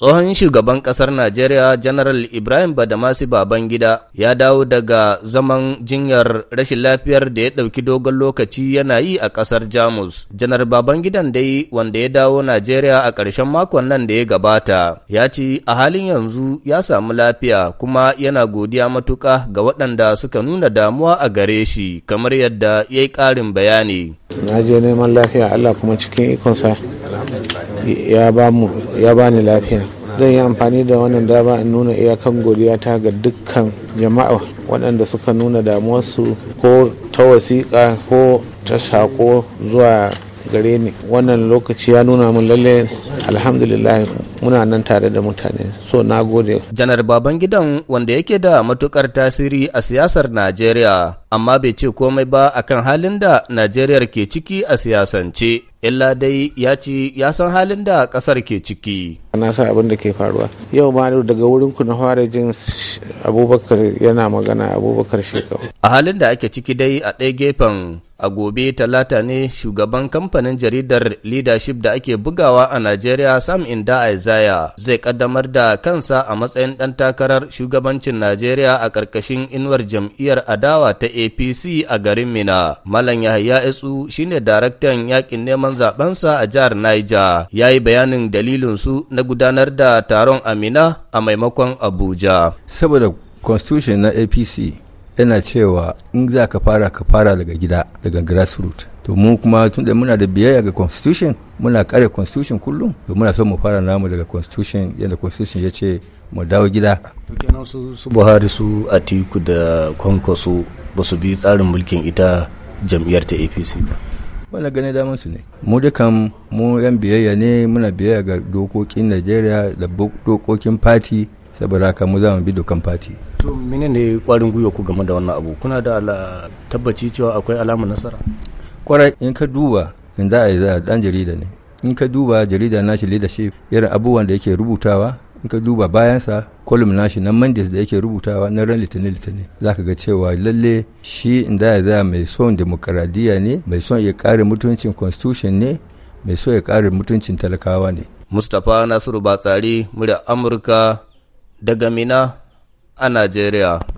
Tsohon shugaban ƙasar Najeriya General Ibrahim Badamasi Babangida ya dawo daga zaman jinyar rashin lafiyar da ya ɗauki dogon lokaci yana yi a ƙasar Jamus. Janar Babangidan dai wanda ya dawo Najeriya a ƙarshen makon nan da ya gabata, ya ce a halin yanzu ya samu lafiya kuma yana godiya matuƙa ga waɗanda suka nuna damuwa a gare shi kamar yadda ya yi ƙarin bayani. Na je neman lafiya Allah kuma cikin ikonsa ya ba ni lafiya zan yi amfani da wannan dama in nuna iyakan godiyata ga dukkan jama'a waɗanda suka nuna damuwarsu ko ta wasiƙa ko ta saƙo zuwa gare ni wannan lokaci ya nuna min lalle alhamdulillah muna nan tare da mutane so na gode janar baban gidan wanda yake da matukar tasiri a siyasar najeriya amma bai ce komai ba akan halin da najeriya ke ciki a siyasance illa dai ya ce ya san halin da kasar ke ciki na sa abin da ke faruwa yau ma daga wurin ku na fara jin abubakar yana magana abubakar shekau a halin da ake ciki dai a ɗaya gefen A gobe talata ne shugaban kamfanin jaridar leadership da ake bugawa a Najeriya Sam Inda Isaiah zai kaddamar da kansa a matsayin ɗan takarar shugabancin Najeriya a ƙarƙashin inuwar jam'iyyar adawa ta APC a garin Mina. Malam Yahaya Isu shine daraktan yakin neman zabensa a jihar Niger. Ya yi bayanin dalilin su na gudanar da taron a Mina a maimakon Abuja. Saboda constitution na APC yana cewa in za ka fara ka fara daga gida daga grassroots to mu kuma tun da muna da biyayya ga constitution muna kare constitution kullum to muna son mu fara namu daga constitution yadda constitution ya ce mu dawo gida to kenan su su Buhari su Atiku da su ba su bi tsarin mulkin ita jam'iyyar ta APC ba wanda gane damar su ne mu dukan mu yan biyayya ne muna biyayya ga dokokin najeriya da dokokin fati saboda haka mu za mu bi dokan fati to ne kwarin gwiwa ku game da wannan abu kuna da tabbaci cewa akwai alamar nasara kwarai in ka duba in za a yi za dan jarida ne in ka duba jarida nashi leadership irin abubuwan da yake rubutawa in ka duba bayansa kolum nashi na mandis da yake rubutawa na ran litinin litinin za ka ga cewa lalle shi in da ya za mai son demokaradiyya ne mai son ya kare mutuncin constitution ne mai so ya kare mutuncin talakawa ne mustapha nasiru batsari murya amurka daga mina a Najeriya.